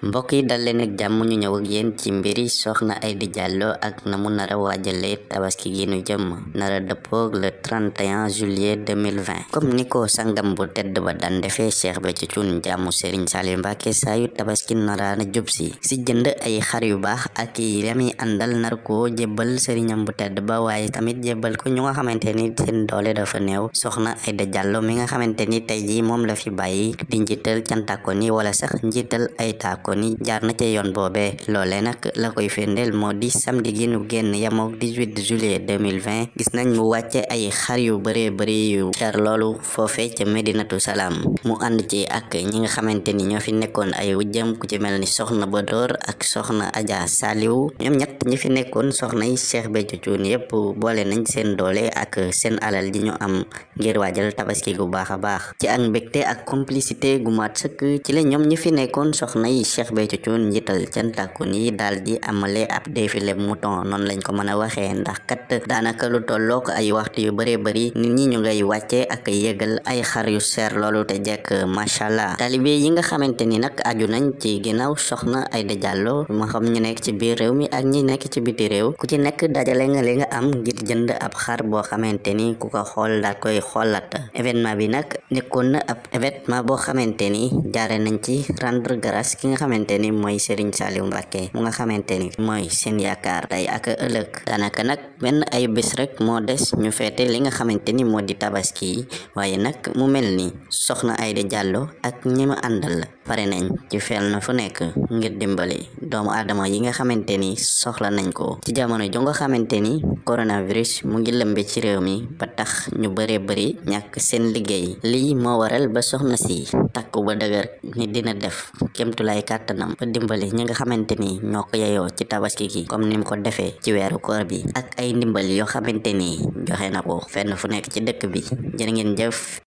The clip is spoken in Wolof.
mbokk yi dal leen ak jàmm ñu ñëw ak yéen ci mbiri soxna Aïda Diallo ak na mu nara waajalee tabaski gi nu jëm nara dëppoog le 31 juillet 2020 comme ni ko sangam bu tedd ba daan defee Cheikh Béthio Thioune jàmmu Serigne Saliou Mbacké saa yu tabaski nara na jub si si jënd ay xar yu baax ak i lami àndal nar ko jébbal sëriñam bu tedd ba waaye tamit jébbal ko ñu nga xamante ni seen doole dafa néew soxna ay Aïda Diallo mi nga xamante ni tey ji moom la fi bàyyi di njiital cantakon yi wala sax njiital ay taako ko ni jaar na ca yoon boobee loolee nag la koy firndeel moo di samedi gi nu génn yamook 18 gis nañ mu wàcce ay xar yu bëree bëri yu cher loolu foofe ca Medinatu Salaam mu ànd ci ak ñi nga xamante ni ñoo fi nekkoon ay wujjam ku ci mel ni soxna door ak soxna Adja Saliou ñoom ñett ñi fi nekkoon soxna yi Cheikh Béthio Thioune yépp boole nañ seen doole ak seen alal ji ñu am ngir waajal tabaski gu baax a baax ci ak mbégte ak complicité gu mat sëkk ci la ñoom ñi nekkoon soxna Cheikh Béthio Thioune njiital cantakun yi daal amale ab défilé mouton noonu lañ ko mën a waxee ndax kat daanaka lu tolloo ko ay waxtu yu bëree bëri nit ñi ñu ngay wàcce ak yëgal ay xar yu seer loolu te jekk machallah talibe yi nga xamante ni nag aju nañ ci ginnaaw soxna ay Diallo ma xam ñu nekk ci biir réew mi ak ñi nekk ci biti réew ku ci nekk dajale nga li am ngir jënd ab xar boo xamante ni ku ko xool daal koy xoolaat événement bi nag nekkoon na ab événement boo xamante ni nañ ci rendre grâce ki nga xamante ni mooy Serigne Saliou Mbacké mu nga xamante ni mooy seen yaakaar tey ak ëllëg daanaka nag benn ay bés rek moo des ñu feete li nga xamante ni moo di tabaski yi waaye nag mu mel ni soxna Aida Diallo ak ñi ma àndal pare nañ ci fel na fu nekk ngir dimbali doomu aadama yi nga xamante ni soxla nañ ko ci jamono jo nga xamante ni coronavirus mu ngi lëmbe ci réew mi ba tax ñu bëree bëri ñàkk seen liggéey lii moo waral ba soxna si takk ba dëgër ni dina def kémtulaay kàttanam ba dimbali ñi nga xamante ni ñoo ko yeyoo ci tabaski ki comme ni mu ko defee ci weeru koor bi ak ay ndimbal yoo xamante ni joxe na ko fenn fu nekk ci dëkk bi jërë ngeen jëf